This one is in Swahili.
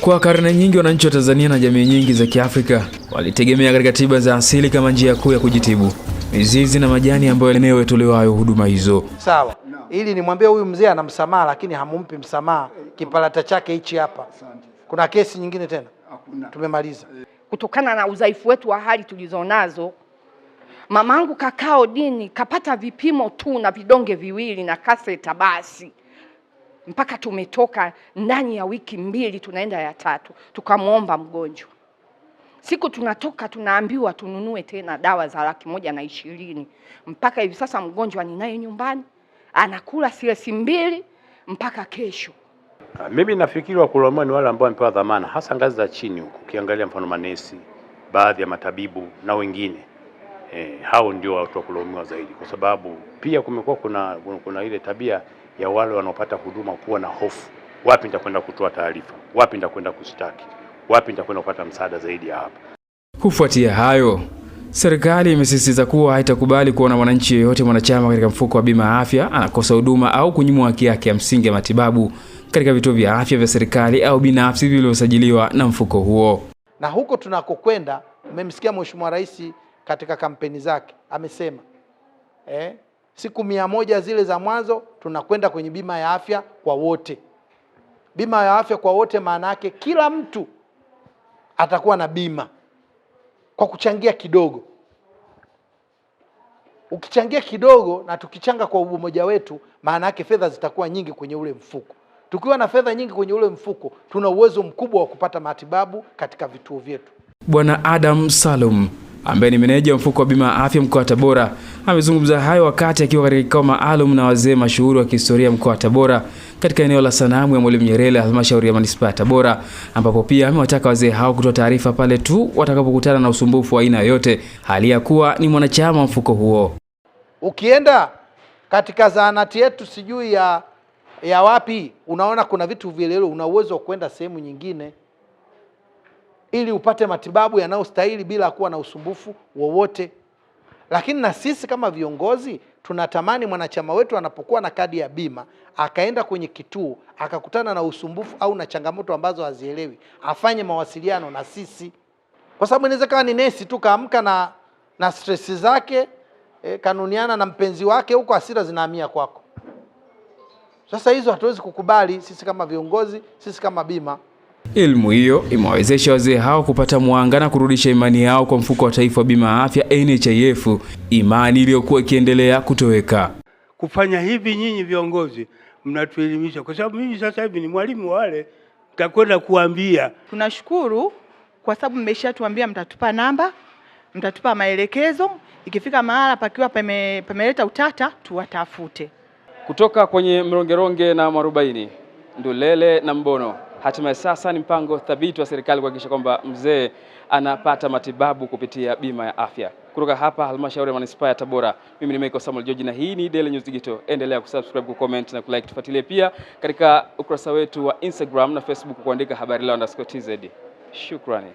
Kwa karne nyingi wananchi wa Tanzania na jamii nyingi za Kiafrika walitegemea katika tiba za asili kama njia kuu ya kujitibu. Mizizi na majani ambayo eneo yatolewayo huduma hizo. Sawa. Ili nimwambie huyu mzee ana msamaha lakini hamumpi msamaha. Kipalata chake hichi hapa. Kuna kesi nyingine tena? Tumemaliza. Kutokana na udhaifu wetu wa hali tulizonazo mamangu kakao dini kapata vipimo tu na vidonge viwili na kaseta basi mpaka tumetoka ndani ya wiki mbili tunaenda ya tatu, tukamwomba mgonjwa. Siku tunatoka tunaambiwa tununue tena dawa za laki moja na ishirini. Mpaka hivi sasa mgonjwa ninaye nyumbani anakula silesi mbili mpaka kesho. Ah, mimi nafikiri wakulaumiwa ni wale ambao wamepewa dhamana, hasa ngazi za chini huko. Ukiangalia mfano manesi, baadhi ya matabibu na wengine eh, hao ndio watu wa kulaumiwa zaidi, kwa sababu pia kumekuwa kuna, kuna ile tabia ya wale wanaopata huduma kuwa na hofu, wapi nitakwenda kutoa taarifa, wapi nitakwenda kustaki, wapi nitakwenda kupata msaada zaidi ya hapa. Kufuatia hayo, serikali imesisitiza kuwa haitakubali kuona mwananchi yeyote mwanachama katika mfuko wa bima ya afya anakosa huduma au kunyimwa haki yake ya msingi ya matibabu katika vituo vya afya vya serikali au binafsi vilivyosajiliwa na mfuko huo. Na huko tunakokwenda, umemsikia Mheshimiwa Rais katika kampeni zake amesema eh, siku mia moja zile za mwanzo tunakwenda kwenye bima ya afya kwa wote. Bima ya afya kwa wote maana yake kila mtu atakuwa na bima kwa kuchangia kidogo. Ukichangia kidogo na tukichanga kwa umoja wetu, maana yake fedha zitakuwa nyingi kwenye ule mfuko. Tukiwa na fedha nyingi kwenye ule mfuko, tuna uwezo mkubwa wa kupata matibabu katika vituo vyetu. Bwana Adam Salum ambaye ni meneja wa mfuko wa bima ya afya mkoa wa Tabora amezungumza hayo wakati akiwa katika kikao maalum na wazee mashuhuri wa kihistoria mkoa wa Tabora katika eneo la sanamu ya Mwalimu Nyerere halmashauri ya manispaa ya Tabora, ambapo pia amewataka wazee hao kutoa taarifa pale tu watakapokutana na usumbufu wa aina yoyote, hali ya kuwa ni mwanachama wa mfuko huo. Ukienda katika zahanati yetu sijui ya ya wapi, unaona kuna vitu vilelo, una uwezo wa kwenda sehemu nyingine ili upate matibabu yanayostahili bila kuwa na usumbufu wowote. Lakini na sisi kama viongozi tunatamani mwanachama wetu anapokuwa na kadi ya bima akaenda kwenye kituo akakutana na usumbufu au na changamoto ambazo hazielewi, afanye mawasiliano na sisi, kwa sababu inaweza kawa ni nesi tu kaamka na na stress zake e, kanuniana na mpenzi wake huko, hasira zinahamia kwako. Sasa hizo hatuwezi kukubali sisi kama viongozi, sisi kama bima Elimu hiyo imewawezesha wazee hao kupata mwanga na kurudisha imani yao kwa mfuko wa taifa wa bima ya afya NHIF, imani iliyokuwa ikiendelea kutoweka. Kufanya hivi nyinyi viongozi mnatuelimisha, kwa sababu mimi sasa hivi ni mwalimu wale nitakwenda kuambia. Tunashukuru kwa sababu mmeshatuambia, mtatupa namba, mtatupa maelekezo, ikifika mahala pakiwa pameleta utata tuwatafute. Kutoka kwenye mrongeronge na mwarobaini, Ndulele na Mbono. Hatimaye sasa ni mpango thabiti wa serikali kuhakikisha kwamba mzee anapata matibabu kupitia bima ya afya. Kutoka hapa halmashauri ya manispaa ya Tabora, mimi ni Michael Samuel George na hii ni Daily News Digital. Endelea kusubscribe, kucomment na kulike. Tufuatilie pia katika ukurasa wetu wa Instagram na Facebook kuandika habari leo underscore tz. Shukrani.